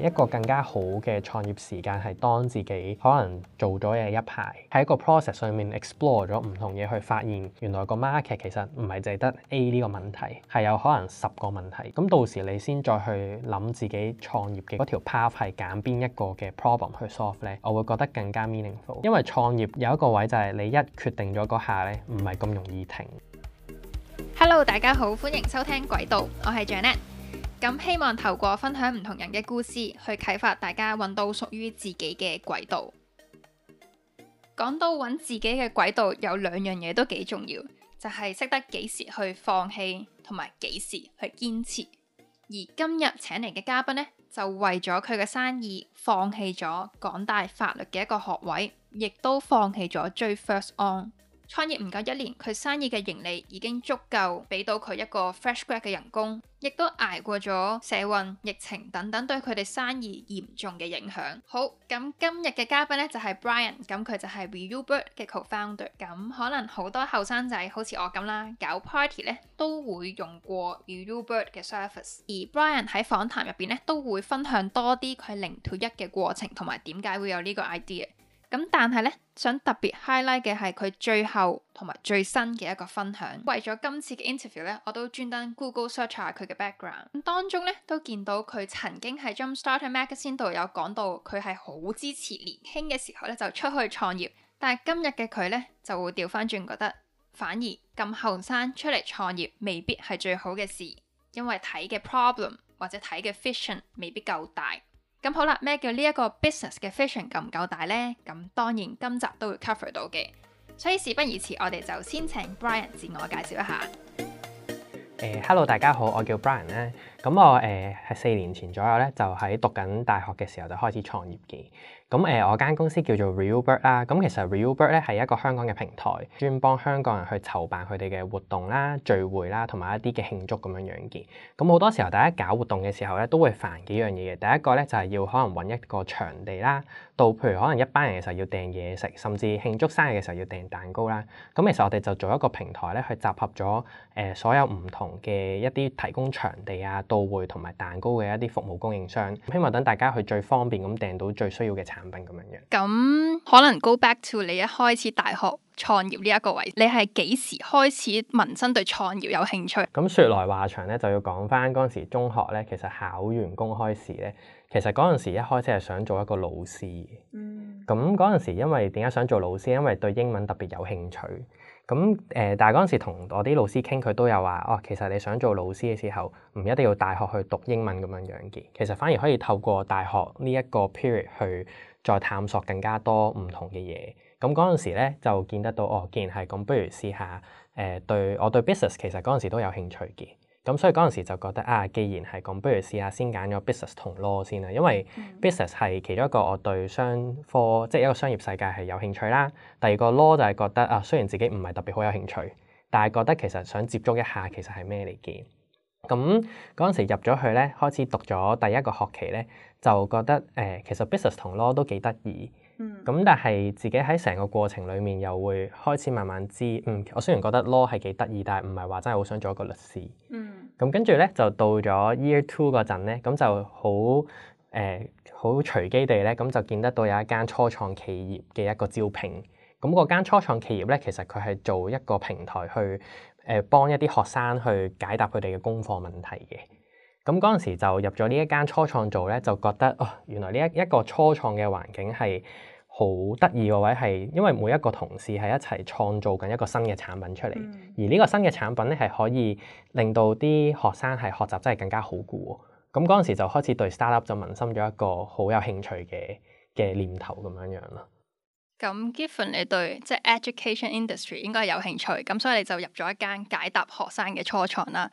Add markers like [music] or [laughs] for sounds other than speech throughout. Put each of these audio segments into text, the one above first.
一個更加好嘅創業時間係當自己可能做咗嘢一排，喺個 process 上面 explore 咗唔同嘢去發現，原來個 market 其實唔係淨係得 A 呢個問題，係有可能十個問題。咁到時你先再去諗自己創業嘅嗰條 path 係揀邊一個嘅 problem 去 solve 呢，我會覺得更加 meaningful。因為創業有一個位就係你一決定咗嗰下呢，唔係咁容易停。Hello，大家好，歡迎收聽軌道，我係 Janet。咁希望透過分享唔同人嘅故事，去啟發大家揾到屬於自己嘅軌道。講到揾自己嘅軌道，有兩樣嘢都幾重要，就係識得幾時去放棄，同埋幾時去堅持。而今日請嚟嘅嘉賓呢，就為咗佢嘅生意放棄咗港大法律嘅一個學位，亦都放棄咗追 First Hon。創業唔夠一年，佢生意嘅盈利已經足夠俾到佢一個 fresh grad 嘅人工，亦都捱過咗社運、疫情等等對佢哋生意嚴重嘅影響。好，咁今日嘅嘉賓呢，就係、是、Brian，咁佢就係 ReUbird 嘅 Co-founder。咁可能多好多後生仔好似我咁啦，搞 party 呢都會用過 ReUbird 嘅 service 而 Brian 喺訪談入邊呢，都會分享多啲佢零到一嘅過程同埋點解會有呢個 idea。咁但係咧，想特別 highlight 嘅係佢最後同埋最新嘅一個分享。為咗今次嘅 interview 咧，我都專登 Google search 下佢嘅 background。當中咧都見到佢曾經喺 Jumpstarter Magazine 度有講到，佢係好支持年輕嘅時候咧就出去創業。但係今日嘅佢咧就會調翻轉，覺得反而咁後生出嚟創業未必係最好嘅事，因為睇嘅 problem 或者睇嘅 vision 未必夠大。咁好啦，咩叫呢一個 business 嘅 vision 夠唔夠大呢？咁當然今集都會 cover 到嘅，所以事不宜遲，我哋就先請 Brian 自我介紹一下。呃，Hello 大家好，我叫 Brian 咧。咁我誒係、呃、四年前左右咧，就喺讀緊大學嘅時候就開始創業嘅。咁誒、呃，我間公司叫做 ReUbird 啦。咁其實 ReUbird 咧係一個香港嘅平台，專幫香港人去籌辦佢哋嘅活動啦、聚會啦，同埋一啲嘅慶祝咁樣樣嘅。咁好多時候，大家搞活動嘅時候咧，都會煩幾樣嘢嘅。第一個咧就係要可能搵一個場地啦，到譬如可能一班人嘅時候要訂嘢食，甚至慶祝生日嘅時候要訂蛋糕啦。咁其實我哋就做一個平台咧，去集合咗誒、呃、所有唔同嘅一啲提供場地啊，到會同埋蛋糕嘅一啲服務供應商，希望等大家去最方便咁訂到最需要嘅產品咁樣樣，咁可能 go back to 你一開始大學創業呢一個位，你係幾時開始萌生對創業有興趣？咁說來話長咧，就要講翻嗰陣時中學咧，其實考完公開試咧，其實嗰陣時一開始係想做一個老師，嗯。咁嗰陣時因為點解想做老師，因為對英文特別有興趣。咁誒，但係嗰陣時同我啲老師傾，佢都有話，哦，其實你想做老師嘅時候，唔一定要大學去讀英文咁樣樣嘅，其實反而可以透過大學呢一個 period 去再探索更加多唔同嘅嘢。咁嗰陣時咧就見得到，哦，既然係咁，不如試下誒、呃，對我對 business 其實嗰陣時都有興趣嘅。咁所以嗰陣時就覺得啊，既然係咁，不如試下先揀咗 business 同 law 先啦。因為 business 係其中一個我對商科，即係一個商業世界係有興趣啦。第二個 law 就係覺得啊，雖然自己唔係特別好有興趣，但係覺得其實想接觸一下，其實係咩嚟嘅。咁嗰陣時入咗去咧，開始讀咗第一個學期咧，就覺得誒，其實 business 同 law 都幾得意。咁但係自己喺成個過程裡面又會開始慢慢知，嗯，我雖然覺得 law 係幾得意，但係唔係話真係好想做一個律師。嗯。咁跟住咧就到咗 year two 嗰陣咧，咁就好誒好隨機地咧，咁就見得到有一間初創企業嘅一個招聘。咁嗰間初創企業咧，其實佢係做一個平台去誒幫、呃、一啲學生去解答佢哋嘅功課問題嘅。咁嗰陣時就入咗呢一間初創做咧，就覺得哦，原來呢一一個初創嘅環境係，好得意個位係，因為每一個同事係一齊創造緊一個新嘅產品出嚟，嗯、而呢個新嘅產品咧係可以令到啲學生係學習真係更加好啲喎。咁嗰陣時就開始對 startup 就萌生咗一個好有興趣嘅嘅念頭咁樣樣啦。咁 given 你對即係 education industry 應該係有興趣，咁所以你就入咗一間解答學生嘅初創啦。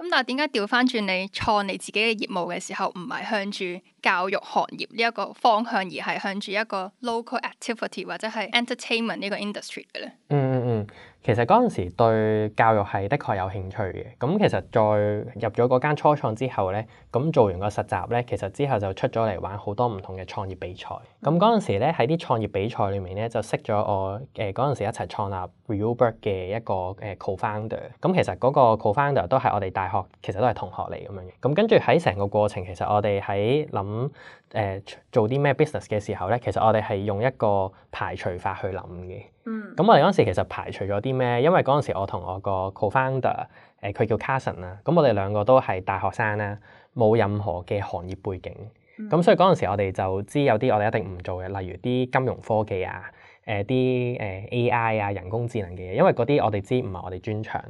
咁但係點解調翻轉你創你自己嘅業務嘅時候，唔係向住教育行業呢一個方向，而係向住一個 local activity 或者係 entertainment 呢個 industry 嘅咧？嗯，嗯嗯嗯。其實嗰陣時對教育係的確有興趣嘅，咁其實再入咗嗰間初創之後咧，咁做完個實習咧，其實之後就出咗嚟玩好多唔同嘅創業比賽。咁嗰陣時咧，喺啲創業比賽裏面咧就識咗我誒嗰陣時一齊創立 ReUbird 嘅一個誒 co-founder。咁其實嗰個 co-founder 都係我哋大學其實都係同學嚟咁樣嘅。咁跟住喺成個過程其實我哋喺諗誒做啲咩 business 嘅時候咧，其實我哋係、呃、用一個排除法去諗嘅。嗯，咁我哋嗰陣時其實排除咗啲咩？因為嗰陣時我同我個 co-founder，誒、呃、佢叫 Carson 啊，咁我哋兩個都係大學生啦，冇任何嘅行業背景，咁所以嗰陣時我哋就知有啲我哋一定唔做嘅，例如啲金融科技啊，誒啲誒 AI 啊，人工智能嘅嘢，因為嗰啲我哋知唔係我哋專長。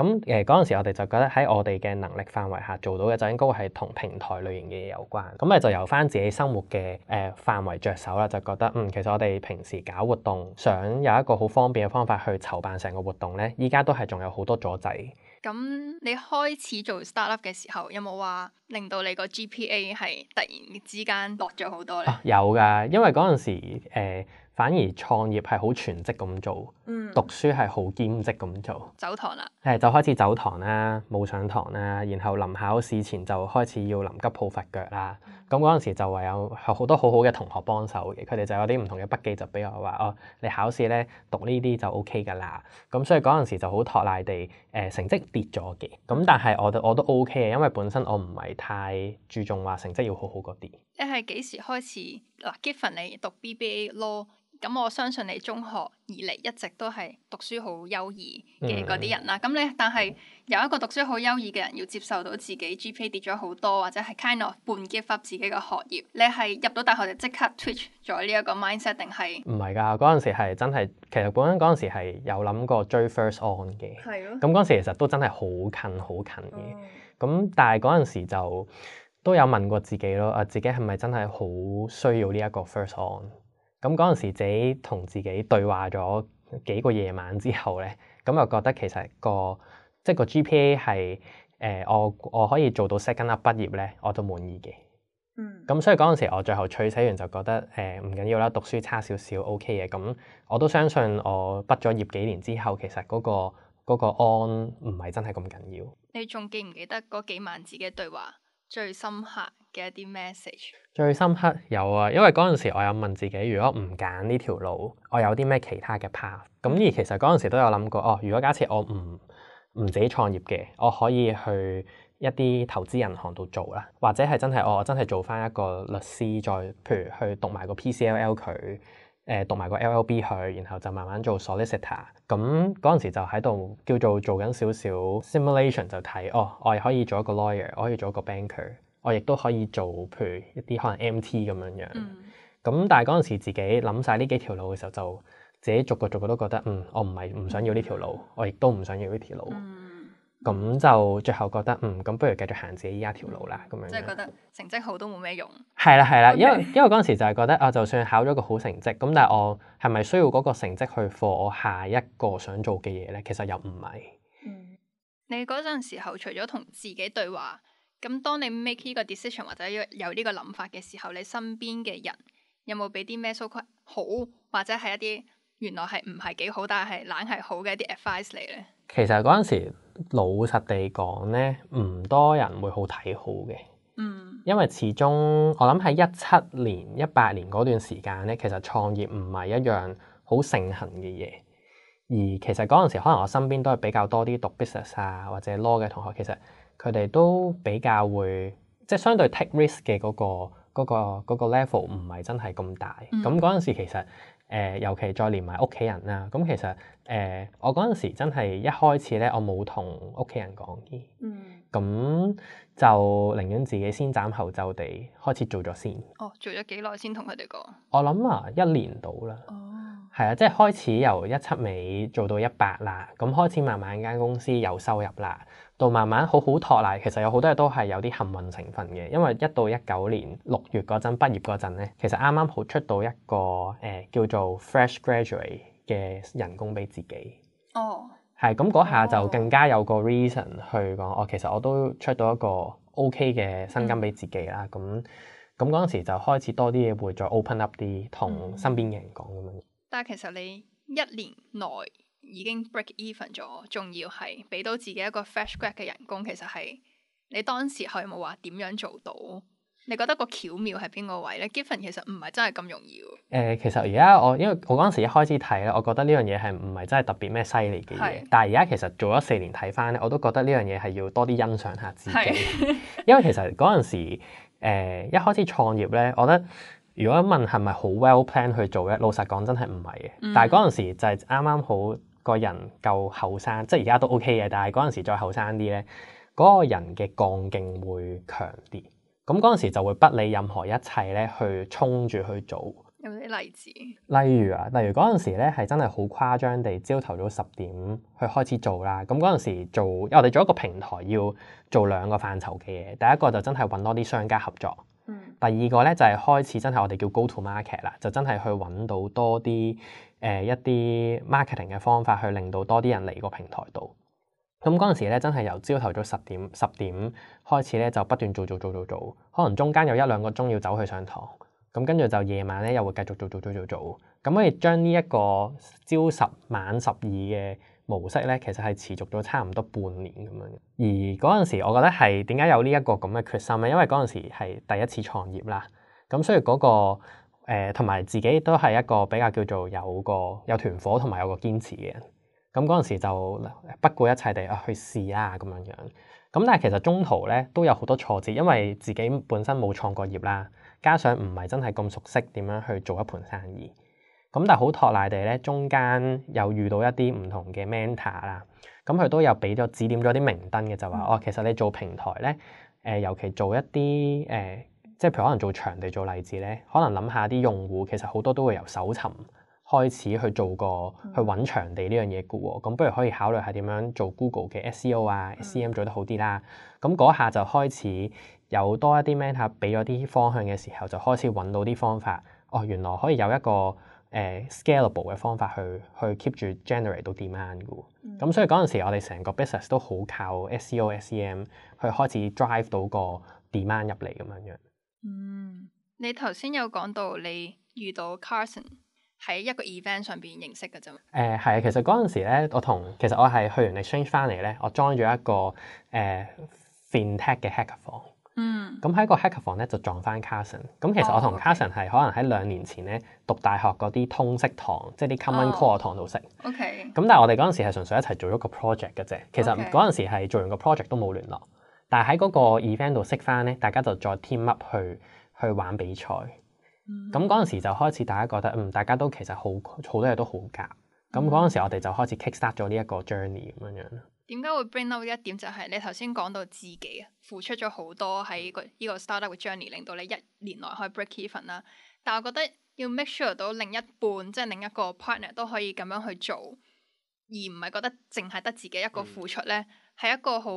咁誒嗰陣時，我哋就覺得喺我哋嘅能力範圍下做到嘅就應該係同平台類型嘅嘢有關。咁誒就由翻自己生活嘅誒、呃、範圍着手啦，就覺得嗯，其實我哋平時搞活動，想有一個好方便嘅方法去籌辦成個活動咧，依家都係仲有好多阻滯。咁你開始做 startup 嘅時候，有冇話令到你個 GPA 係突然之間落咗好多咧、啊？有㗎，因為嗰陣時、呃反而創業係好全職咁做，嗯、讀書係好兼職咁做。走堂啦，誒就開始走堂啦，冇上堂啦，然後臨考試前就開始要臨急抱佛腳啦。咁嗰陣時就唯有好多好好嘅同學幫手嘅，佢哋就有啲唔同嘅筆記就俾我話哦，你考試咧讀呢啲就 O K 㗎啦。咁所以嗰陣時就好拖賴地誒、呃、成績跌咗嘅。咁但係我我都 O K 嘅，因為本身我唔係太注重話成績要好好嗰啲。你係幾時開始嗱？Given、啊、你讀 BBA l 咁我相信你中學以嚟一直都係讀書好優異嘅嗰啲人啦。咁、嗯、你但係有一個讀書好優異嘅人要接受到自己 GPA 跌咗好多，或者係 kind of 半 give up 自己嘅學業，你係入到大學就即刻 switch 咗呢一個 mindset 定係？唔係㗎，嗰陣時係真係其實本身嗰陣時係有諗過追 First Hon 嘅。係咯。咁嗰陣時其實都真係好近好近嘅。咁、嗯、但係嗰陣時就都有問過自己咯，啊自己係咪真係好需要呢一個 First Hon？咁嗰陣時自己同自己對話咗幾個夜晚之後咧，咁又覺得其實、嗰個即係個 GPA 係誒、呃、我我可以做到 second up 畢業咧，我都滿意嘅。嗯。咁所以嗰陣時我最後取捨完就覺得誒唔緊要啦，讀書差少少 OK 嘅。咁我都相信我畢咗業幾年之後，其實嗰、嗰個嗰、嗰個、on 唔係真係咁緊要。你仲記唔記得嗰幾萬字嘅對話？最深刻嘅一啲 message，最深刻有啊，因為嗰陣時我有問自己，如果唔揀呢條路，我有啲咩其他嘅 path？咁而其實嗰陣時都有諗過，哦，如果假設我唔唔自己創業嘅，我可以去一啲投資銀行度做啦，或者係真係、哦、我真係做翻一個律師，再譬如去讀埋個 PCLL 佢。誒，讀埋個 LLB 去，然後就慢慢做 solicitor。咁嗰陣時就喺度叫做做緊少少 simulation，就睇，哦，我亦可以做一個 lawyer，我可以做一個 banker，我亦都可以做，譬如一啲可能 MT 咁樣樣。咁、嗯、但係嗰陣時自己諗晒呢幾條路嘅時候，就自己逐個逐個都覺得，嗯，我唔係唔想要呢條路，我亦都唔想要呢條路。嗯咁就最後覺得嗯，咁不如繼續行自己依家條路啦。咁樣即係覺得成績好都冇咩用。係啦，係啦，因為因為嗰陣時就係覺得啊，就算考咗個好成績，咁但係我係咪需要嗰個成績去課我下一個想做嘅嘢咧？其實又唔係。嗯，你嗰陣時候除咗同自己對話，咁當你 make 呢個 decision 或者有呢個諗法嘅時候，你身邊嘅人有冇俾啲咩 support 好或者係一啲原來係唔係幾好，但係冷係好嘅一啲 advice 嚟咧？其實嗰陣時。老實地講咧，唔多人會好睇好嘅，嗯，因為始終我諗喺一七年、一八年嗰段時間咧，其實創業唔係一樣好盛行嘅嘢。而其實嗰陣時，可能我身邊都係比較多啲讀 business 啊或者 law 嘅同學，其實佢哋都比較會即係相對 take risk 嘅嗰、那個嗰、那個那個、level 唔係真係咁大。咁嗰陣時其實。誒、呃，尤其再連埋屋企人啦，咁、嗯、其實誒、呃，我嗰陣時真係一開始咧，我冇同屋企人講啲，嗯，咁就寧願自己先斬後奏地開始做咗先。哦，做咗幾耐先同佢哋講？我諗啊，一年到啦，哦，係啊，即係開始由一七尾做到一百啦，咁、嗯、開始慢慢間公司有收入啦。到慢慢好好托賴，其實有好多嘢都係有啲幸運成分嘅，因為一到一九年六月嗰陣畢業嗰陣咧，其實啱啱好出到一個誒、呃、叫做 fresh graduate 嘅人工俾自己，哦，係咁嗰下就更加有個 reason 去講，哦，其實我都出到一個 OK 嘅薪金俾自己啦，咁咁嗰陣時就開始多啲嘢會再 open up 啲，同身邊嘅人講咁樣。嗯、但係其實你一年內，已經 break even 咗，仲要係俾到自己一個 fresh grad 嘅人工，其實係你當時係冇話點樣做到？你覺得個巧妙係邊個位咧？Given 其實唔係真係咁容易。誒，其實而家、呃、我因為我嗰陣時一開始睇咧，我覺得呢樣嘢係唔係真係特別咩犀利嘅嘢。是但係而家其實做咗四年睇翻咧，我都覺得呢樣嘢係要多啲欣賞下自己。是 [laughs] 因為其實嗰陣時誒、呃、一開始創業咧，我覺得如果問係咪好 well plan 去做咧，老實講真係唔係嘅。但係嗰陣時就係啱啱好。個人夠後生，即係而家都 OK 嘅，但係嗰陣時再後生啲咧，嗰個人嘅抗勁會強啲。咁嗰陣時就會不理任何一切咧，去衝住去做。有啲例子，例如啊，例如嗰陣時咧係真係好誇張地，朝頭早十點去開始做啦。咁嗰陣時做，因為我哋做一個平台要做兩個範疇嘅嘢，第一個就真係揾多啲商家合作。嗯。第二個咧就係開始真係我哋叫 Go to Market 啦，就真係去揾到多啲。誒，一啲 marketing 嘅方法去令到多啲人嚟個平台度。咁嗰陣時咧，真係由朝頭早十點十點開始咧，就不斷做做做做做。可能中間有一兩個鐘要走去上堂，咁跟住就夜晚咧又會繼續做做做做做。咁可以將呢一個朝十晚十二嘅模式咧，其實係持續咗差唔多半年咁樣。而嗰陣時我覺得係點解有呢一個咁嘅決心咧？因為嗰陣時係第一次創業啦，咁所以嗰個。誒同埋自己都係一個比較叫做有個有團火同埋有個堅持嘅人，咁嗰陣時就不顧一切地啊去試啦，咁樣樣，咁但係其實中途咧都有好多挫折，因為自己本身冇創過業啦，加上唔係真係咁熟悉點樣去做一盤生意，咁但係好託賴地咧，中間有遇到一啲唔同嘅 mentor 啦，咁佢都有俾咗指點咗啲明燈嘅，就話哦其實你做平台咧，誒、呃、尤其做一啲誒。呃即係譬如可能做場地做例子咧，可能諗下啲用戶其實好多都會由搜尋開始去做個、嗯、去揾場地呢樣嘢嘅喎，咁不如可以考慮下點樣做 Google 嘅 SEO 啊、SEM、嗯、做得好啲啦。咁嗰下就開始有多一啲 meta 俾咗啲方向嘅時候，就開始揾到啲方法。哦，原來可以有一個誒、呃、scalable 嘅方法去去 keep 住 generate 到 demand 嘅喎、嗯。咁所以嗰陣時我哋成個 business 都好靠 SEO、SEM 去開始 drive 到個 demand 入嚟咁樣樣。嗯，你頭先有講到你遇到 Carson 喺一個 event 上邊認識噶啫。誒，係啊，其實嗰陣時咧，我同，其實我係去完 e x change 翻嚟咧，我 join 咗一個誒、呃、FinTech 嘅 h a c k 房。嗯。咁喺個 h a c k 房 t 咧就撞翻 Carson。咁其實我同 Carson 係、哦、可能喺兩年前咧讀大學嗰啲通識堂，即係啲 Common Core 堂度識。O K、哦。咁、okay, 但係我哋嗰陣時係純粹一齊做咗個 project 嘅啫。其實嗰陣時係做完個 project 都冇聯絡。但喺嗰個 event 度識翻咧，大家就再 team up 去去玩比賽。咁嗰陣時就開始大家覺得，嗯，大家都其實好好多嘢都好夾。咁嗰陣時我哋就開始 kickstart 咗呢一個 journey 咁樣、嗯、樣。點解會 bring up 呢一點？就係你頭先講到自己啊，付出咗好多喺個呢個 startup 嘅 journey，令到你一年內可以 break even 啦。但係我覺得要 make sure 到另一半即係、就是、另一個 partner 都可以咁樣去做，而唔係覺得淨係得自己一個付出咧，係、嗯、一個好。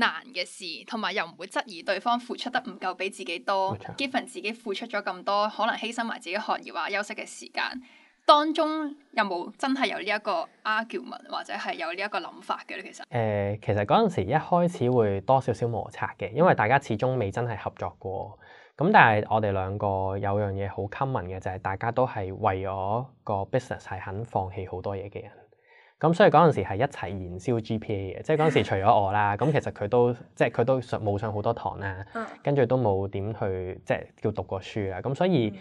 難嘅事，同埋又唔會質疑對方付出得唔夠比自己多。Given 自己付出咗咁多，可能犧牲埋自己學業啊、休息嘅時間，當中有冇真係有呢一個 argument，或者係有呢一個諗法嘅咧？其實誒，其實嗰陣時一開始會多少少摩擦嘅，因為大家始終未真係合作過。咁但係我哋兩個有樣嘢好 common 嘅，就係大家都係為咗個 business 係肯放棄好多嘢嘅人。咁所以嗰陣時係一齊燃燒 GPA 嘅，即係嗰陣時除咗我啦，咁其實佢都即係佢都上冇上好多堂啦，跟住都冇點去即係叫讀過書啊，咁所以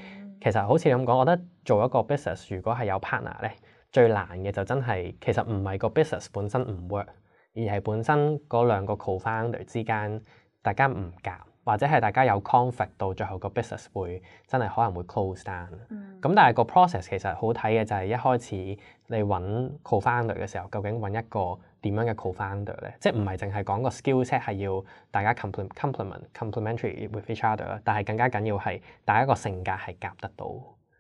其實好似你咁講，我覺得做一個 business 如果係有 partner 咧，最難嘅就真係其實唔係個 business 本身唔 work，而係本身嗰兩個 co-founder 之間大家唔夾。或者係大家有 conflict，到最後個 business 會真係可能會 close down。但咁，但係個 process 其實好睇嘅就係一開始你揾 cofounder 嘅時候，究竟揾一個點樣嘅 cofounder 咧？即係唔係淨係講個 skillset 係要大家 complement、complementary with each other，但係更加緊要係大家個性格係夾得到。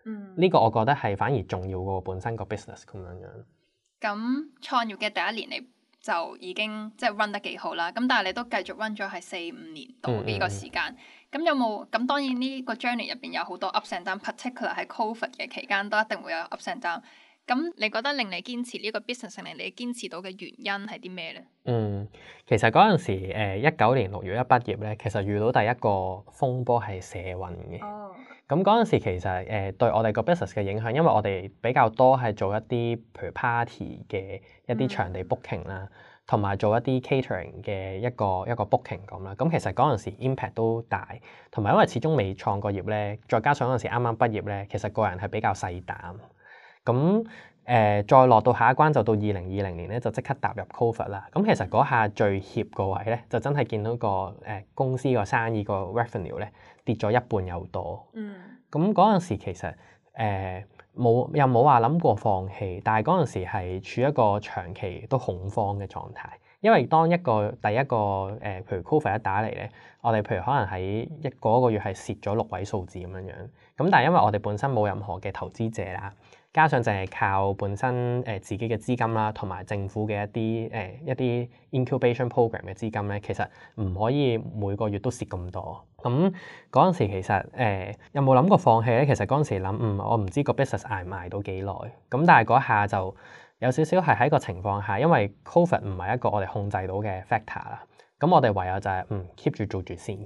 嗯，呢個我覺得係反而重要過本身個 business 咁樣樣，咁創業嘅第一年你，就已經即係 run 得幾好啦，咁但係你都繼續 run 咗係四五年到呢個時間，咁、嗯嗯、有冇？咁當然呢個 journey 入邊有好多 ups and downs，a 但 particular 喺 COVID 嘅期間都一定會有 ups and downs a。咁你覺得令你堅持呢一個 business，令你堅持到嘅原因係啲咩咧？嗯，其實嗰陣時，誒一九年六月一畢業咧，其實遇到第一個風波係社運嘅。哦。咁嗰陣時其實誒、呃、對我哋個 business 嘅影響，因為我哋比較多係做一啲譬如 party 嘅一啲場地 booking 啦、嗯，同埋做一啲 catering 嘅一個一個 booking 咁啦。咁其實嗰陣時 impact 都大，同埋因為始終未創過業咧，再加上嗰陣時啱啱畢業咧，其實個人係比較細膽。咁誒，再落到下一關就到二零二零年咧，就即刻踏入 COVID 啦。咁其實嗰下最怯個位咧，就真係見到個誒公司個生意個 Revenue 咧跌咗一半又多。嗯。咁嗰陣時其實誒冇、呃、又冇話諗過放棄，但係嗰陣時係處於一個長期都恐慌嘅狀態，因為當一個第一個誒，譬如 COVID 一打嚟咧，我哋譬如可能喺一嗰個個月係蝕咗六位數字咁樣樣。咁但係因為我哋本身冇任何嘅投資者啦。加上就係靠本身誒自己嘅資金啦、啊，同埋政府嘅一啲誒、哎、一啲 incubation program 嘅資金咧，其實唔可以每個月都蝕咁多。咁嗰陣時其實誒、哎、有冇諗過放棄咧？其實嗰陣時諗，嗯，我唔知個 business 捱唔捱到幾耐。咁但係嗰下就有少少係喺個情況下，因為 COVID 唔係一個我哋控制到嘅 factor 啦。咁我哋唯有就係、是、嗯 keep 住做住先。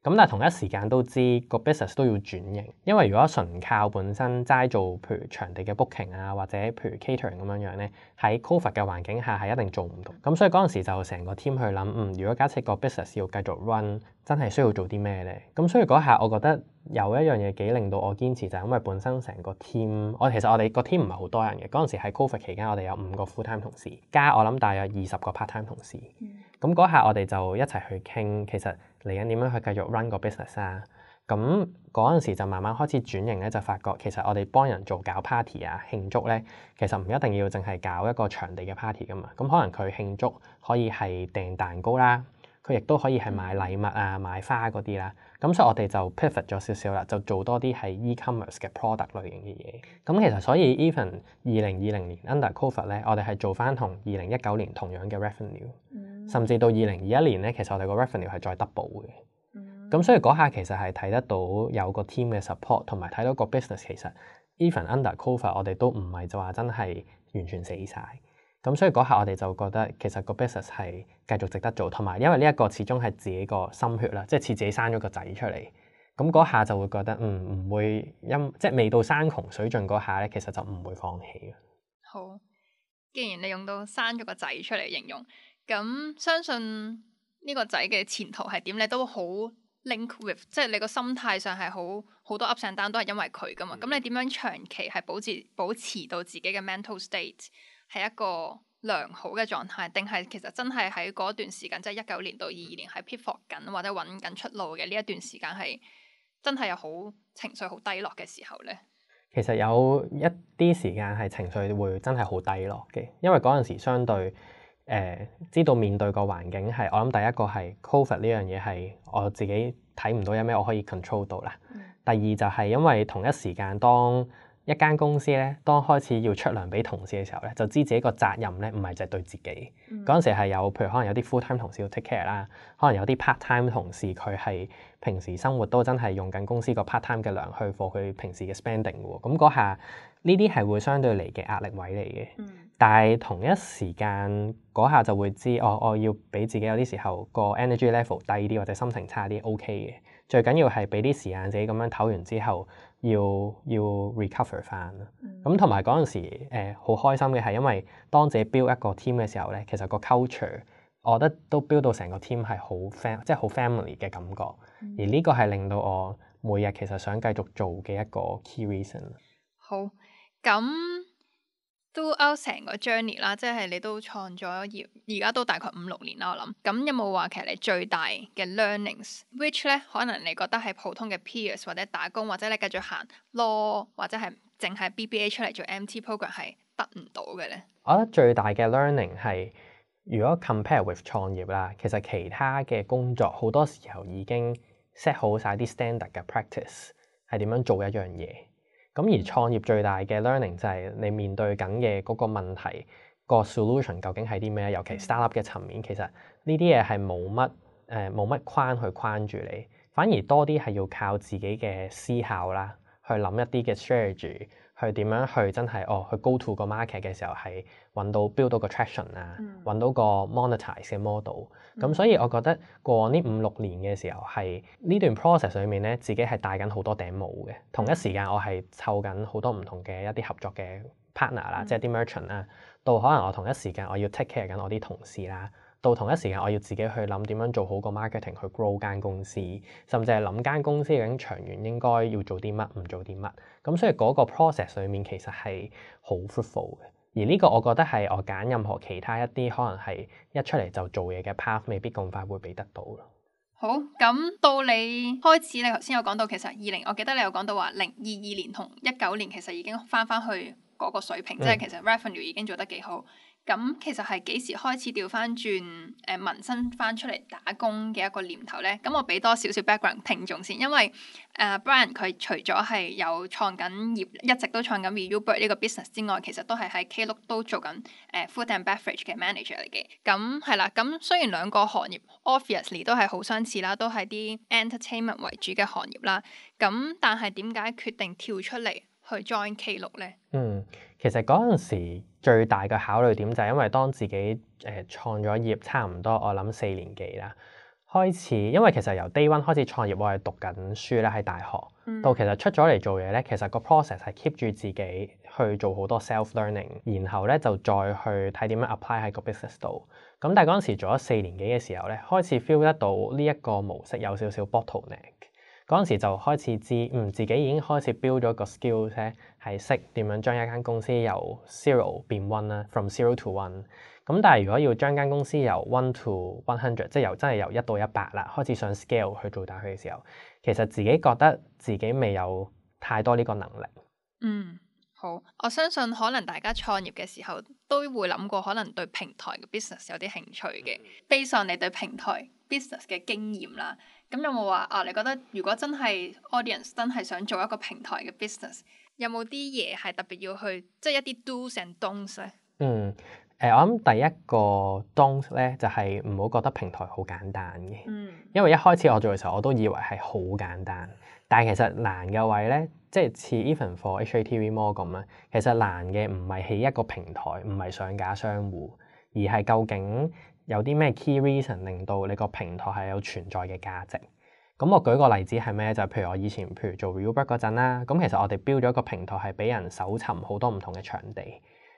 咁但係同一時間都知個 business 都要轉型，因為如果純靠本身齋做，譬如場地嘅 booking 啊，或者譬如 catering 咁樣樣咧，喺 covid 嘅環境下係一定做唔到。咁、嗯、所以嗰陣時就成個 team 去諗，嗯，如果假設個 business 要繼續 run，真係需要做啲咩咧？咁所以嗰下我覺得有一樣嘢幾令到我堅持，就係、是、因為本身成個 team，我其實我哋個 team 唔係好多人嘅，嗰陣時喺 covid 期間我哋有五個 fulltime 同事，加我諗大約二十個 parttime 同事。咁嗰下我哋就一齊去傾，其實。嚟緊點樣去繼續 run 個 business 啊？咁嗰陣時就慢慢開始轉型咧，就發覺其實我哋幫人做搞 party 啊、慶祝咧，其實唔一定要淨係搞一個場地嘅 party 㗎嘛。咁可能佢慶祝可以係訂蛋糕啦，佢亦都可以係買禮物啊、買花嗰啲啦。咁所以我哋就 pivot 咗少少啦，就做多啲係 e-commerce 嘅 product 類型嘅嘢。咁其實所以 even 二零二零年 under COVID 咧，我哋係做翻同二零一九年同樣嘅 revenue，甚至到二零二一年咧，其實我哋個 revenue 係再 double 嘅。咁、uh huh. 所以嗰下其實係睇得到有個 team 嘅 support，同埋睇到個 business 其實 even under COVID 我哋都唔係就話真係完全死晒。咁所以嗰下我哋就覺得其實個 business 係繼續值得做，同埋因為呢一個始終係自己個心血啦，即係似自己生咗個仔出嚟。咁嗰下就會覺得嗯唔會陰、嗯，即係未到山窮水盡嗰下咧，其實就唔會放棄嘅。好，既然你用到生咗個仔出嚟形容，咁相信呢個仔嘅前途係點你都好 link with，即係你個心態上係好好多 ups and downs 都係因為佢噶嘛。咁你點樣長期係保持保持到自己嘅 mental state，係一個良好嘅狀態，定係其實真係喺嗰段時間，即係一九年到二二年，係 pivot 緊或者揾緊出路嘅呢一段時間，係真係有好情緒好低落嘅時候咧？其實有一啲時間係情緒會真係好低落嘅，因為嗰陣時相對誒、呃、知道面對個環境係我諗第一個係 COVID 呢樣嘢係我自己睇唔到有咩我可以 control 到啦。第二就係因為同一時間當。一間公司咧，當開始要出糧俾同事嘅時候咧，就知自己個責任咧，唔係就係對自己。嗰陣、嗯、時係有，譬如可能有啲 fulltime 同事要 take care 啦，可能有啲 part time 同事佢係平時生活都真係用緊公司個 part time 嘅糧去過佢平時嘅 spending 喎。咁嗰下呢啲係會相對嚟嘅壓力位嚟嘅。嗯、但係同一時間嗰下就會知，哦，我要俾自己有啲時候個 energy level 低啲或者心情差啲 OK 嘅。最緊要係俾啲時間自己咁樣唞完之後。要要 recover 翻，嗯，咁同埋嗰陣時誒好開心嘅係因為當自己 build 一個 team 嘅時候咧，其實個 culture，我覺得都 build 到成個 team 係好 fam，即係好 family 嘅感覺，嗯、而呢個係令到我每日其實想繼續做嘅一個 key reason。好，咁。都 out 成個 journey 啦，即係你都創咗業，而家都大概五六年啦，我諗。咁有冇話其實你最大嘅 learnings，which 咧可能你覺得係普通嘅 peers 或者打工或者你繼續行 law 或者係淨係 BBA 出嚟做 MT program 係得唔到嘅咧？我覺得最大嘅 learning 係如果 compare with 創業啦，其實其他嘅工作好多時候已經 set 好晒啲 standard 嘅 practice 係點樣做一樣嘢。咁而創業最大嘅 learning 就係你面對緊嘅嗰個問題，個 solution 究竟係啲咩？尤其 startup 嘅層面，其實呢啲嘢係冇乜誒冇乜框去框住你，反而多啲係要靠自己嘅思考啦，去諗一啲嘅 strategy。去點樣去真係哦？去 go to 個 market 嘅時候係揾到 build traction，嗯、到個 traction 啊，揾到個 monetise 嘅 model。咁所以我覺得過往呢五六年嘅時候係呢段 process 裏面咧，自己係帶緊好多頂帽嘅。同一時間我係湊緊好多唔同嘅一啲合作嘅 partner 啦、嗯，即係啲 merchant 啦。到可能我同一時間我要 take care 緊我啲同事啦。到同一時間，我要自己去諗點樣做好個 marketing 去 grow 間公司，甚至係諗間公司究竟長遠應該要做啲乜，唔做啲乜。咁所以嗰個 process 裡面其實係好 fruitful 嘅。而呢個我覺得係我揀任何其他一啲可能係一出嚟就做嘢嘅 path 未必咁快會俾得到咯。好，咁到你開始你頭先有講到，其實二零我記得你有講到話零二二年同一九年其實已經翻翻去嗰個水平，嗯、即係其實 revenue 已經做得幾好。咁其實係幾時開始調翻轉誒、呃、民生翻出嚟打工嘅一個念頭咧？咁、嗯、我俾多少少 background 聽眾先，因為誒、呃、Brian 佢除咗係有創緊業，一直都創緊 Uber 呢個 business 之外，其實都係喺 K 六都做緊誒、呃、food and beverage 嘅 manager 嚟嘅。咁係啦，咁、嗯、雖然兩個行業 obviously 都係好相似啦，都係啲 entertainment 為主嘅行業啦。咁、嗯、但係點解決定跳出嚟去 join K 六咧？嗯，其實嗰陣時。最大嘅考慮點就係因為當自己誒、呃、創咗業差唔多，我諗四年幾啦。開始因為其實由 day one 開始創業，我係讀緊書咧，喺大學到其實出咗嚟做嘢咧，其實個 process 係 keep 住自己去做好多 self learning，然後咧就再去睇點樣 apply 喺個 business 度。咁但係嗰陣時做咗四年幾嘅時候咧，開始 feel 得到呢一個模式有少少 bottleneck。嗰陣時就開始知，嗯，自己已經開始 build 咗個 skill 咧，係識點樣將一間公司由 zero 變 one 啦，from zero to one。咁但係如果要將間公司由 one to one hundred，即係由真係由一到一百啦，開始上 scale 去做大佢嘅時候，其實自己覺得自己未有太多呢個能力。嗯，好，我相信可能大家創業嘅時候都會諗過，可能對平台嘅 business 有啲興趣嘅，基於你對平台 business 嘅經驗啦。咁有冇話啊？你覺得如果真係 audience 真係想做一個平台嘅 business，有冇啲嘢係特別要去，即係一啲 do’s and don’ts？嗯，誒、呃，我諗第一個 don’t 咧就係唔好覺得平台好簡單嘅。嗯。因為一開始我做嘅時候，我都以為係好簡單，但係其實難嘅位咧，即係似 even for HKTVmall 咁啊。其實難嘅唔係起一個平台，唔係上架商戶，而係究竟。有啲咩 key reason 令到你個平台係有存在嘅價值？咁我舉個例子係咩？就譬如我以前譬如做 ReUbird 嗰陣啦，咁其實我哋標咗一個平台係俾人搜尋好多唔同嘅場地。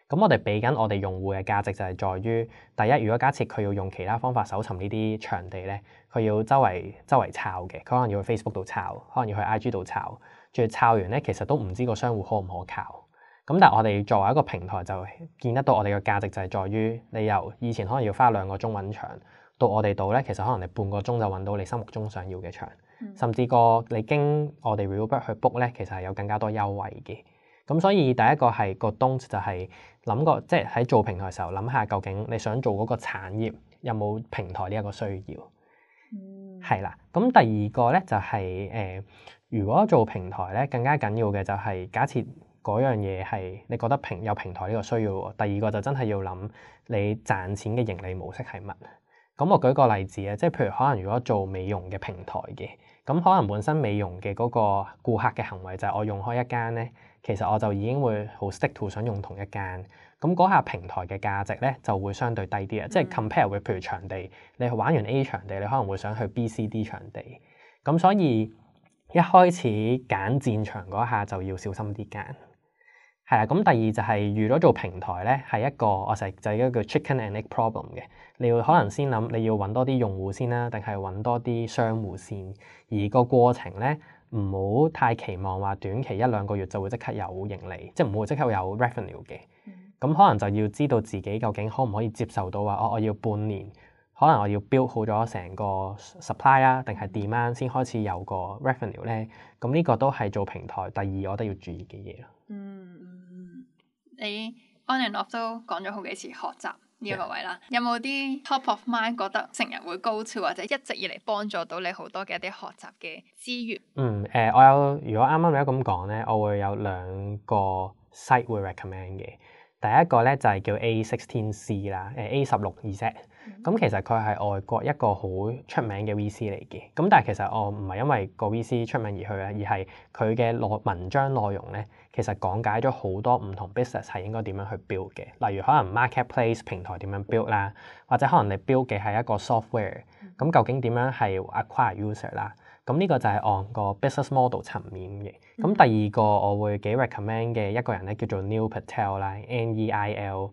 咁我哋俾緊我哋用戶嘅價值就係在於，第一，如果假設佢要用其他方法搜尋呢啲場地咧，佢要周圍周圍抄嘅，佢可能要去 Facebook 度抄，可能要去 IG 度抄，仲要抄完咧，其實都唔知個商戶可唔可靠。咁但係我哋作為一個平台就見得到，我哋嘅價值就係在於你由以前可能要花兩個鐘揾場到我哋度咧，其實可能你半個鐘就揾到你心目中想要嘅場，甚至個你經我哋 ReUbird 去 book 咧，其實係有更加多優惠嘅。咁所以第一個係個東就係諗過，即係喺做平台嘅時候諗下究竟你想做嗰個產業有冇平台呢一個需要，係啦、嗯。咁第二個咧就係、是、誒、呃，如果做平台咧，更加緊要嘅就係假設。嗰樣嘢係你覺得平有平台呢個需要。第二個就真係要諗你賺錢嘅盈利模式係乜。咁我舉個例子咧，即係譬如可能如果做美容嘅平台嘅，咁可能本身美容嘅嗰個顧客嘅行為就係我用開一間咧，其實我就已經會好 stick to 想用同一間。咁嗰下平台嘅價值咧就會相對低啲啊。嗯、即係 compare 會譬如場地，你玩完 A 場地，你可能會想去 B、C、D 場地。咁所以一開始揀戰場嗰下就要小心啲揀。係啊，咁第二就係、是，如果做平台咧，係一個我成日就係一個 chicken and egg problem 嘅，你要可能先諗，你要揾多啲用戶先啦，定係揾多啲商戶先。而個過程咧，唔好太期望話短期一兩個月就會即刻有盈利，即係唔會即刻有 revenue 嘅。咁、嗯、可能就要知道自己究竟可唔可以接受到話，我、哦、我要半年，可能我要 build 好咗成個 supply 啊，定係 demand 先開始有個 revenue 咧。咁呢個都係做平台第二我覺得要注意嘅嘢咯。嗯。你 on and off 都講咗好幾次學習呢個位啦，Yeah. 有冇啲 top of mind 覺得成日會高照，或者一直以嚟幫助到你好多嘅一啲學習嘅資源？嗯，誒、呃，我有，如果啱啱你家咁講咧，我會有兩個 site 會 recommend 嘅。第一個咧就係、是、叫 A sixteen C 啦、呃，誒 A 十六二 set。咁、嗯、其實佢係外國一個好出名嘅 VC 嚟嘅，咁但係其實我唔係因為個 VC 出名而去咧，而係佢嘅內文章內容咧，其實講解咗好多唔同 business 係應該點樣去 build 嘅，例如可能 marketplace 平台點樣 build 啦，或者可能你 build 嘅係一個 software，咁究竟點樣係 acquire user 啦，咁呢個就係我個 business model 層面嘅。咁第二個我會幾 recommend 嘅一個人咧，叫做 Neil Patel 啦，N-E-I-L。E I L,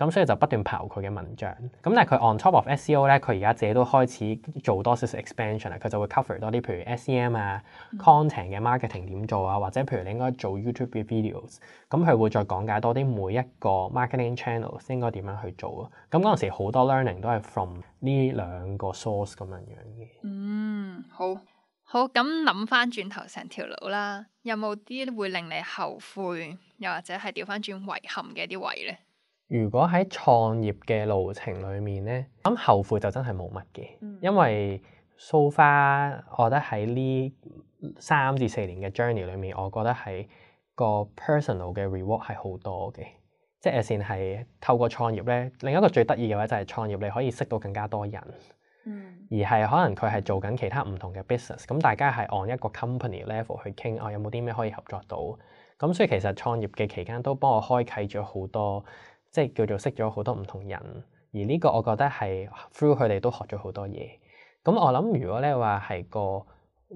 咁所以就不斷刨佢嘅文章，咁但係佢 on top of SEO 咧，佢而家自己都開始做多少少 expansion 啦，佢就會 cover 多啲，譬如 SEM 啊、content 嘅 marketing 點做啊，或者譬如你應該做 YouTube videos，咁佢會再講解多啲每一個 marketing channel 應該點樣去做啊。咁嗰陣時好多 learning 都係 from 呢兩個 source 咁樣樣嘅。嗯，好好，咁諗翻轉頭成條路啦，有冇啲會令你後悔，又或者係調翻轉遺憾嘅啲位咧？如果喺創業嘅路程裡面咧，咁後悔就真係冇乜嘅。嗯、因為蘇花，so far，我覺得喺呢三至四年嘅 journey 裡面，我覺得係個 personal 嘅 reward 係好多嘅。即係首先係透過創業咧，另一個最得意嘅話就係創業你可以識到更加多人。嗯、而係可能佢係做緊其他唔同嘅 business，咁大家係按一個 company level 去傾，哦，有冇啲咩可以合作到？咁所以其實創業嘅期間都幫我開啟咗好多。即係叫做識咗好多唔同人，而呢個我覺得係 through 佢哋都學咗好多嘢。咁我諗如果咧話係個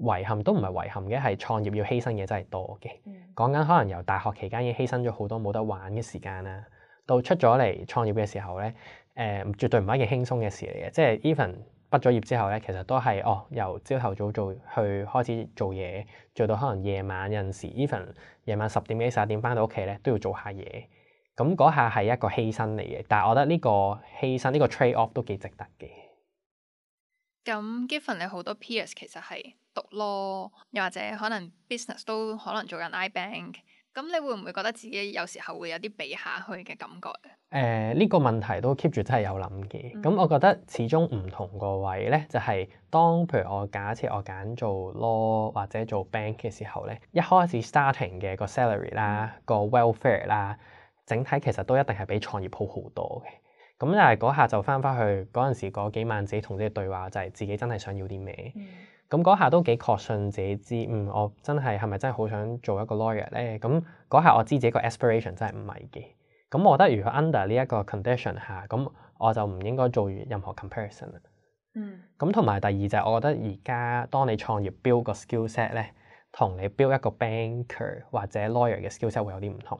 遺憾，都唔係遺憾嘅，係創業要犧牲嘢真係多嘅。講緊、嗯、可能由大學期間已經犧牲咗好多冇得玩嘅時間啦，到出咗嚟創業嘅時候咧，誒、呃、絕對唔係一件輕鬆嘅事嚟嘅。即係 even 畢咗業之後咧，其實都係哦，由朝頭早做去開始做嘢，做到可能夜晚有陣時，even 夜晚十點幾十一點返到屋企咧，都要做下嘢。咁嗰下係一個犧牲嚟嘅，但係我覺得呢個犧牲，呢、呢個 trade off 都幾值得嘅。咁，Given 你好多 peers 其實係讀 law，又或者可能 business 都可能做緊 i bank，咁你會唔會覺得自己有時候會有啲比下去嘅感覺？誒、呃，呢、呢個問題都 keep 住真係有諗嘅。咁、嗯、我覺得始終唔同個位咧，就係、係、當譬如我假設我揀做 law 或者做 bank 嘅時候咧，一開始 starting 嘅個 salary 啦、嗯，個 welfare 啦。整體其實都一定係比創業好好多嘅，咁但係嗰下就翻返去嗰陣時嗰幾萬自己同自己對話，就係自己真係想要啲咩，咁嗰下都幾確信自己知，嗯，我真係係咪真係好想做一個 lawyer 咧？咁嗰下我知自己個 aspiration 真係唔係嘅，咁我覺得如果 under 呢一個 condition 下，咁我就唔應該做完任何 comparison。嗯，咁同埋第二就係我覺得而家當你創業 build 個 skillset 咧，同你 build 一個 banker 或者 lawyer 嘅 skillset 會有啲唔同。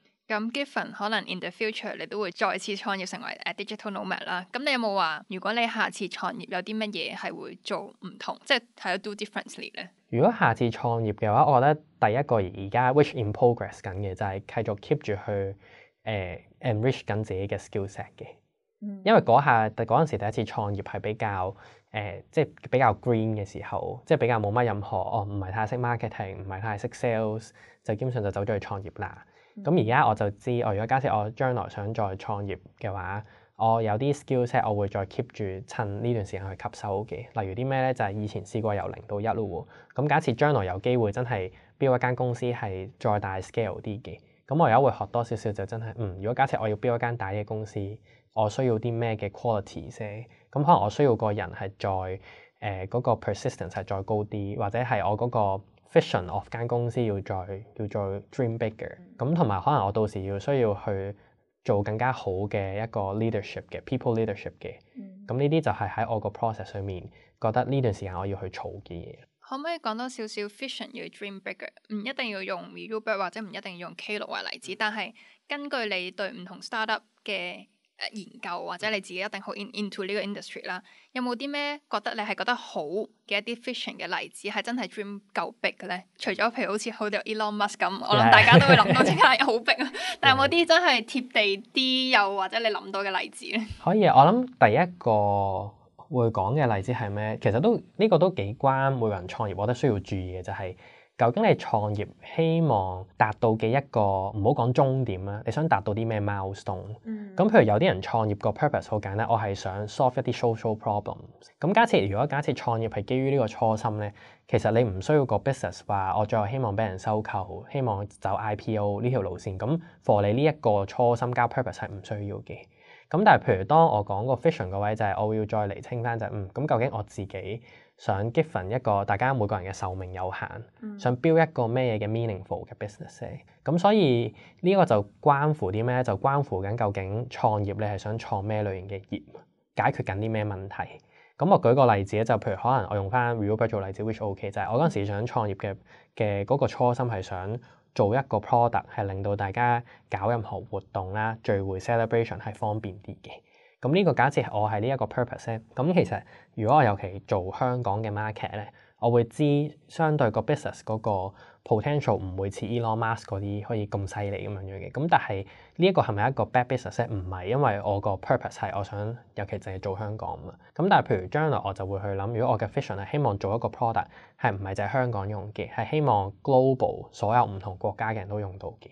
咁 Given 可能 in the future 你都會再次創業成為誒 digital nomad 啦。咁你有冇話如果你下次創業有啲乜嘢係會做唔同，即係係 do differently 咧？如果下次創業嘅話，我覺得第一個而家 which in progress 緊嘅就係繼續 keep 住去誒、呃、enrich 緊自己嘅 skillset 嘅。嗯、因為嗰下嗰陣時第一次創業係比較誒、呃、即係比較 green 嘅時候，即係比較冇乜任何哦，唔係太識 marketing，唔係太識 sales，就基本上就走咗去創業啦。咁而家我就知，我如果假設我將來想再創業嘅話，我有啲 skillset，我會再 keep 住趁呢段時間去吸收嘅。例如啲咩咧？就係、是、以前試過由零到一咯。咁假設將來有機會真係標一間公司係再大 scale 啲嘅，咁我而家會學多少少就真係嗯，如果假設我要標一間大嘅公司，我需要啲咩嘅 quality 先？咁可能我需要個人係再誒嗰、呃嗰個 persistence 係再高啲，或者係我嗰、嗰個。f i s i o n of 間公司要再要再 dream bigger，咁同埋可能我到時要需要去做更加好嘅一個 leadership 嘅 people leadership 嘅，咁呢啲就係喺我個 process 上面覺得呢段時間我要去儲嘅嘢。嗯、可唔可以講多少少 f i s i o n 要 dream bigger？唔一定要用 WeWork 或者唔一定要用 K 六為例子，但係根據你對唔同 startup 嘅。研究或者你自己一定好 into 呢個 industry 啦，有冇啲咩覺得你係覺得好嘅一啲 fishing 嘅例子係真係 dream 夠 big 嘅咧？除咗譬如好似好似 Elon Musk 咁，我諗大家都會諗到即刻好 big，啊！但係有冇啲真係貼地啲又或者你諗到嘅例子咧？可以，我諗第一個會講嘅例子係咩？其實都呢個都幾關每個人創業，我覺得需要注意嘅，就係。究竟你創業希望達到嘅一個唔好講終點啦，你想達到啲咩 milestone？咁、嗯、譬如有啲人創業個 purpose 好簡單，我係想 solve 一啲 social problems。咁假設如果假設創業係基於呢個初心咧，其實你唔需要個 business 話我最後希望俾人收購，希望走 IPO 呢條路線。咁 for 你呢一個初心加 purpose 係唔需要嘅。咁但係譬如當我講個 vision 嗰位就係、是，我要再釐清返就係，嗯，咁究竟我自己？想激勵一個大家每個人嘅壽命有限，想標一個咩嘅 meaningful 嘅 business，咁所以呢、這個就關乎啲咩？就關乎緊究竟創業你係想創咩類型嘅業，解決緊啲咩問題？咁我舉個例子咧，就譬如可能我用翻 ReUbird 做例子，which o、okay? k 就係我嗰陣時想創業嘅嘅嗰個初心係想做一個 product 係令到大家搞任何活動啦、聚會、celebration 係方便啲嘅。咁呢個假設係我係呢一個 purpose 咧，咁其實如果我尤其做香港嘅 market 咧，我會知相對個 business 嗰個 potential 唔會似 Elon Musk 嗰啲可以咁犀利咁樣樣嘅。咁但係呢一個係咪一個 bad business？唔係，因為我個 purpose 係我想尤其淨係做香港啊嘛。咁但係譬如將來我就會去諗，如果我嘅 vision 係希望做一個 product 係唔係就係香港用嘅，係希望 global 所有唔同國家嘅人都用到嘅。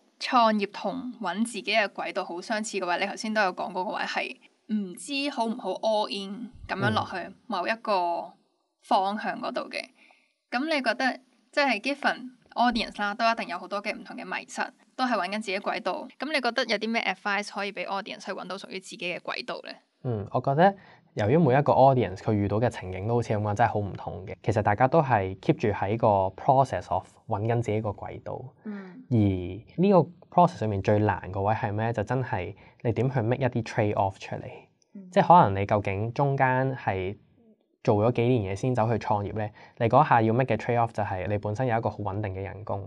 創業同揾自己嘅軌道好相似嘅話，你頭先都有講嗰個話係唔知好唔好 all in 咁樣落去某一個方向嗰度嘅。咁、嗯、你覺得即係 given audience 啦，都一定有好多嘅唔同嘅迷失，都係揾緊自己軌道。咁你覺得有啲咩 advice 可以俾 audience 去揾到屬於自己嘅軌道呢？嗯，我覺得。由於每一個 audience 佢遇到嘅情景都好似咁樣，真係好唔同嘅。其實大家都係 keep 住喺個 process of 揾緊自己個軌道。嗯、而呢個 process 上面最難個位係咩？就真係你點去 make 一啲 trade off 出嚟。嗯、即係可能你究竟中間係做咗幾年嘢先走去創業咧？你嗰下要 make 嘅 trade off 就係你本身有一個好穩定嘅人工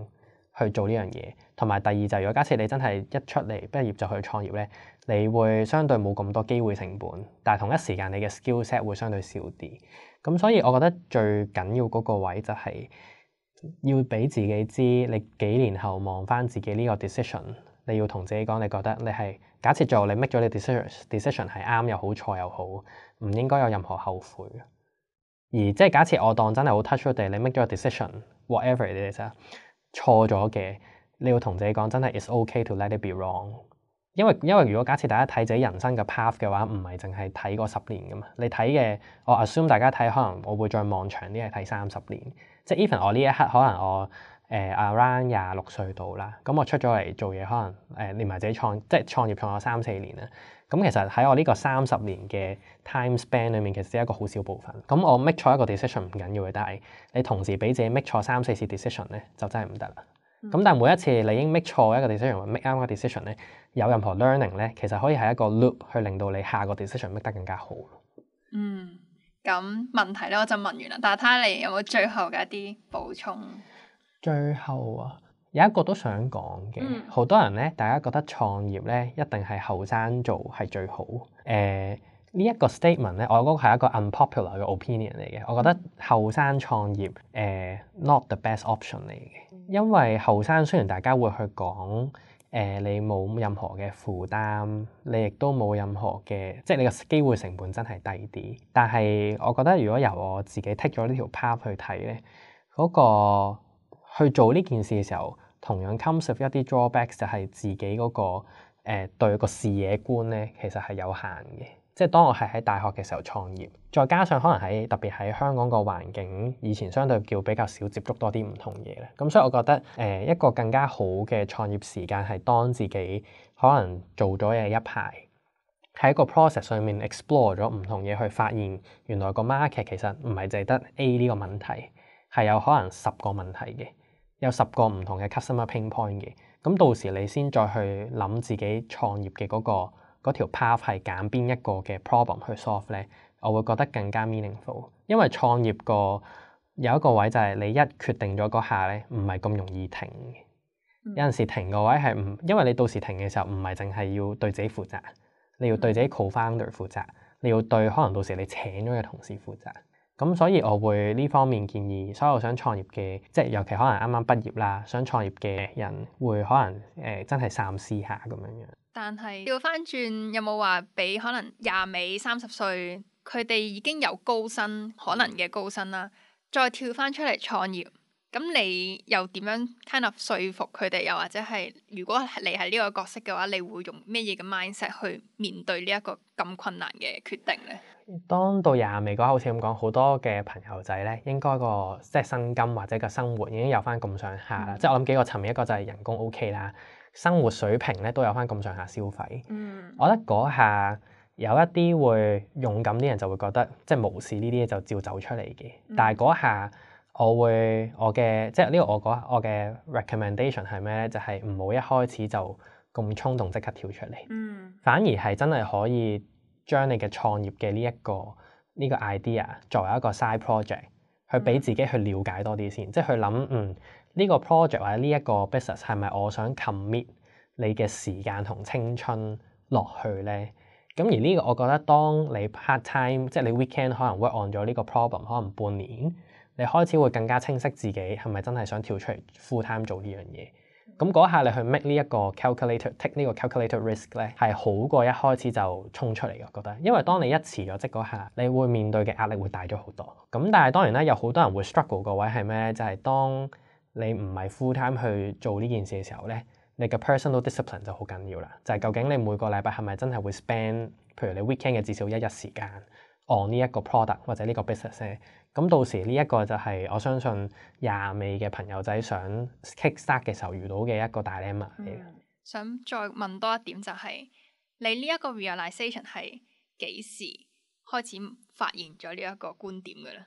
去做呢樣嘢。同埋第二就，如果假設你真係一出嚟畢業就去創業咧，你會相對冇咁多機會成本，但係同一時間你嘅 skill set 會相對少啲。咁所以我覺得最緊要嗰個位就係要俾自己知，你幾年後望翻自己呢個 decision，你要同自己講，你覺得你係假設你做你 make 咗你 decision，decision 係啱又好錯又好，唔應該有任何後悔。而即係假設我當真係好 touch t 地，你 make 咗個 decision，whatever 你哋就啦，is, 錯咗嘅。你要同自己講，真係 it's okay to let it be wrong。因為因為如果假設大家睇自己人生嘅 path 嘅話，唔係淨係睇嗰十年噶嘛。你睇嘅我 assume 大家睇，可能我會再望長啲，係睇三十年。即係 even 我呢一刻可能我誒、呃、around 廿六歲度啦，咁我出咗嚟做嘢，可能誒、呃、連埋自己創即係創業創咗三四年啦。咁其實喺我呢個三十年嘅 time span 裏面，其實只係一個好少部分。咁我 make 錯一個 decision 唔緊要嘅，但係你同時俾自己 make 錯三四次 decision 咧，就真係唔得啦。咁但係每一次你已經 make 錯一個 decision，或 make 啱個 decision 咧，有任何 learning 咧，其實可以係一個 loop 去令到你下個 decision make 得更加好。嗯，咁問題咧，我就問完啦，但係睇下你有冇最後嘅一啲補充。最後啊，有一個都想講嘅，好、嗯、多人咧，大家覺得創業咧一定係後生做係最好，誒、呃。呢一個 statement 咧，我覺得係一個 unpopular 嘅 opinion 嚟嘅。我覺得後生創業誒、呃、not the best option 嚟嘅，因為後生雖然大家會去講誒、呃，你冇任何嘅負擔，你亦都冇任何嘅，即係你個機會成本真係低啲。但係我覺得如果由我自己 take 咗呢條 path 去睇咧，嗰、那個去做呢件事嘅時候，同樣 comes with 一啲 drawbacks 就係自己嗰、那個誒、呃、對個視野觀咧，其實係有限嘅。即係當我係喺大學嘅時候創業，再加上可能喺特別喺香港個環境，以前相對叫比較少接觸多啲唔同嘢咧。咁、嗯、所以我覺得誒、呃、一個更加好嘅創業時間係當自己可能做咗嘢一排，喺個 process 上面 explore 咗唔同嘢，去發現原來個 market 其實唔係淨係得 A 呢個問題，係有可能十個問題嘅，有十個唔同嘅 customer pain point 嘅。咁到時你先再去諗自己創業嘅嗰、那個。嗰條 path 係揀邊一個嘅 problem 去 solve 咧，我會覺得更加 meaningful。因為創業個有一個位就係你一決定咗嗰下咧，唔係咁容易停嘅。有陣時停個位係唔，因為你到時停嘅時候唔係淨係要對自己負責，你要對自己 co-founder 負責，你要對可能到時你請咗嘅同事負責。咁所以我會呢方面建議所有想創業嘅，即係尤其可能啱啱畢業啦，想創業嘅人會可能誒、呃、真係三思下咁樣樣。但係調翻轉有冇話俾可能廿尾三十歲，佢哋已經有高薪可能嘅高薪啦，再跳翻出嚟創業，咁你又點樣 kind of 說服佢哋？又或者係如果你係呢個角色嘅話，你會用咩嘢嘅 mindset 去面對這這呢一個咁困難嘅決定咧？當到廿尾嗰下，好似咁講，好多嘅朋友仔咧，應該個即係薪金或者個生活已經有翻咁上下啦。嗯、即係我諗幾個層面，一個就係人工 OK 啦。生活水平咧都有翻咁上下消費，嗯、我覺得嗰下有一啲會勇敢啲人就會覺得即係無視呢啲嘢就照走出嚟嘅，但係嗰下我會我嘅即係呢個我我嘅 recommendation 係咩咧？就係唔好一開始就咁衝動即刻跳出嚟，嗯、反而係真係可以將你嘅創業嘅呢一個呢、呢個 idea 作為一個 side project 去俾自己去了解多啲先，即係去諗嗯。呢個 project 或者呢一個 business 係咪我想 commit 你嘅時間同青春落去咧？咁而呢個我覺得當你 part time 即係你 weekend 可能 work on 咗呢個 problem 可能半年，你開始會更加清晰自己係咪真係想跳出嚟 full time 做呢樣嘢？咁嗰下你去 make 呢一個 calculator take 呢個 calculator risk 咧，係好過一開始就衝出嚟嘅，我覺得，因為當你一辭咗職嗰下，你會面對嘅壓力會大咗好多。咁但係當然啦，有好多人會 struggle 個位係咩？就係當你唔係 full time 去做呢件事嘅時候咧，你嘅 personal discipline 就好緊要啦。就係、是、究竟你每個禮拜係咪真係會 spend，譬如你 weekend 嘅至少一日時間 on 呢一個 product 或者呢個 business 咧？咁到時呢一個就係、是、我相信廿尾嘅朋友仔想 kick start 嘅時候遇到嘅一個大 dilemma 嚟。想再問多一點，就係、是、你呢一個 realization 係幾時開始發現咗呢一個觀點嘅咧？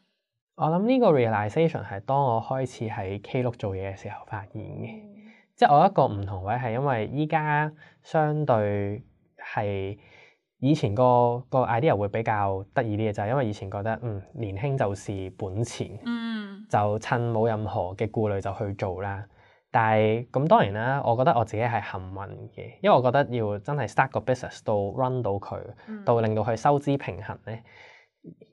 我諗呢個 realization 係當我開始喺 K 六做嘢嘅時候發現嘅，嗯、即係我一個唔同位係因為依家相對係以前個個 idea 會比較得意啲嘅，就係、是、因為以前覺得嗯年輕就是本錢，嗯，就趁冇任何嘅顧慮就去做啦。但係咁當然啦，我覺得我自己係幸運嘅，因為我覺得要真係 start 個 business 到 run 到佢、嗯，到令到佢收支平衡咧。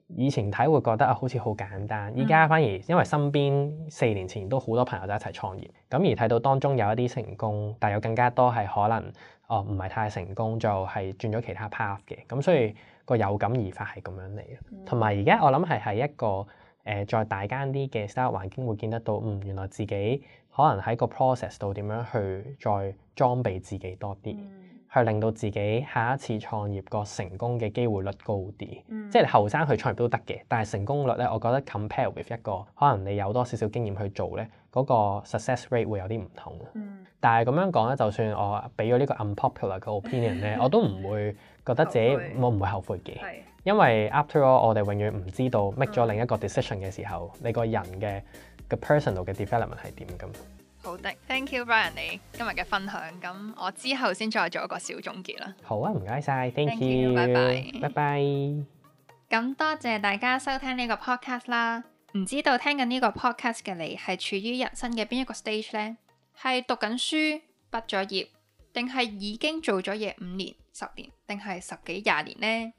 以前睇會覺得啊，好似好簡單，依家反而因為身邊四年前都好多朋友都一齊創業，咁而睇到當中有一啲成功，但有更加多係可能哦唔係太成功，就係轉咗其他 path 嘅，咁所以個有感而發係咁樣嚟嘅。同埋而家我諗係喺一個誒再大間啲嘅 startup 環境會見得到，嗯，原來自己可能喺個 process 度點樣去再裝備自己多啲。去令到自己下一次創業個成功嘅機會率高啲，嗯、即係你後生去創業都得嘅。但係成功率咧，我覺得 compare with 一個可能你有多少少經驗去做咧，嗰、嗰個 success rate 會有啲唔同。嗯、但係咁樣講咧，就算我俾咗呢個 unpopular 嘅 opinion 咧， [laughs] 我都唔會覺得自己 [laughs] 我唔會後悔嘅。 [laughs] 因為 after all，我哋永遠唔知道 make 咗另一個 decision 嘅時候，嗯、你個人嘅個 personal 嘅 development 係點咁。好的，thank you Brian，你今日嘅分享，咁我之後先再做一個小總結啦。好啊，唔該晒，thank you，拜拜，拜拜。咁多謝大家收聽呢個 podcast 啦。唔知道聽緊呢個 podcast 嘅你係處於人生嘅邊一個 stage 呢？係讀緊書、畢咗業，定係已經做咗嘢五年、十年，定係十幾、廿年呢？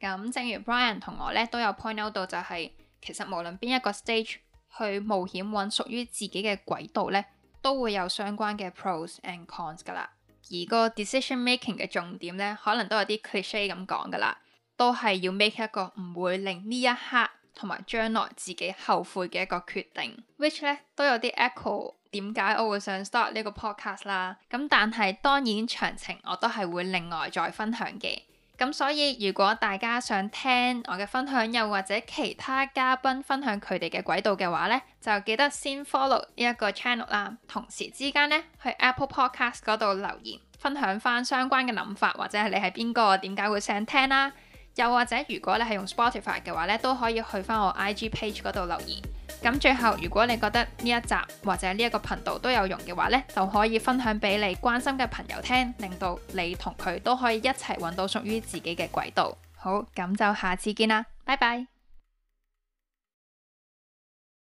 咁正如 Brian 同我咧都有 point out 到，就是，就係其實無論邊一個 stage。去冒險揾屬於自己嘅軌道呢，都會有相關嘅 pros and cons 噶啦。而個 decision making 嘅重點呢，可能都有啲 cliche 咁講噶啦，都係要 make 一個唔會令呢一刻同埋將來自己後悔嘅一個決定。which 呢都有啲 echo，點解我會想 start 呢個 podcast 啦。咁但係當然詳情我都係會另外再分享嘅。咁所以如果大家想聽我嘅分享，又或者其他嘉賓分享佢哋嘅軌道嘅話呢，就記得先 follow 呢一個 channel 啦。同時之間呢，去 Apple Podcast 嗰度留言，分享翻相關嘅諗法，或者係你係邊個，點解會想聽啦。又或者如果你係用 Spotify 嘅話呢，都可以去翻我 IG page 嗰度留言。咁最後，如果你覺得呢一集或者呢一個頻道都有用嘅話呢，就可以分享俾你關心嘅朋友聽，令到你同佢都可以一齊揾到屬於自己嘅軌道。好，咁就下次見啦，拜拜。